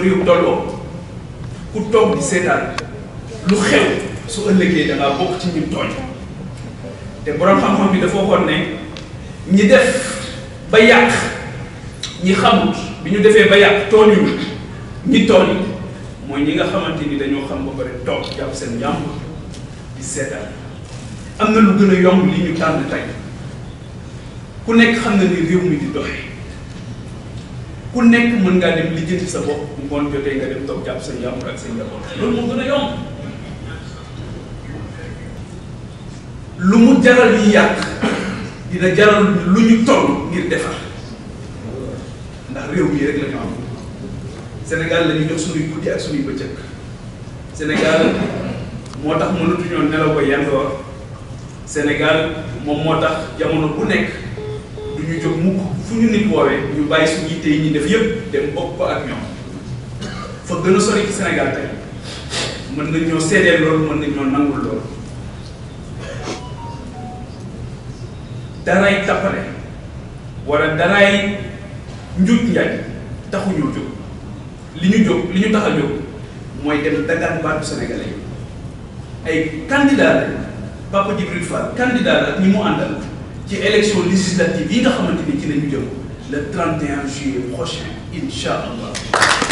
réew tolloo ku toog di seetaan lu xew su ëllëgee da ngaa bokk ci ñun tooñ te borom xam-xam bi dafa waxoon ne ñi def ba yàq ñi xamut bi ñu defee ba yàq tooñuñu ñi tooñ mooy ñi nga xamante ni dañoo xam ba pare toog jàpp seen jàmm di seetaan am na lu gën a yomb li ñu tànn tey ku nekk xam na ni réew mi di doxee. ku nekk mën ngaa dem lijjanti sa bopp bu ngoon jotee nga dem toog jàpp sa yàmbur ak sa njaboot loolu moo gën a yomb lu mu jaral yi yàq dina jaral lu ñu toll ngir defar ndax réew mi rek la ñu am Sénégal la ñu jox suñuy guddi ak suñuy bëccëg Sénégal moo tax mënatuñoo nelaw ko yandoor Sénégal moom moo tax jamono bu nekk ñu jóg mu fu ñu nit woowee ñu bàyyi su yitte yi ñuy def yëpp dem bokk ko ak ñoom fa gën sori ci Sénégal mën nañ ñoo seedeel loolu mën nañ ñoo nangul loolu danaay tappale wala danaay njuuj njaaj taxuñoo jóg li ñu jóg li ñu tax a jóg mooy dem dagaan baatu sénégalais ay candidat Papa Djibril Fall candidat la ak ñi mu àndal ci élection législative yi nga xamante ni ci la ñu jëm le 31 juillet prochain incha allah.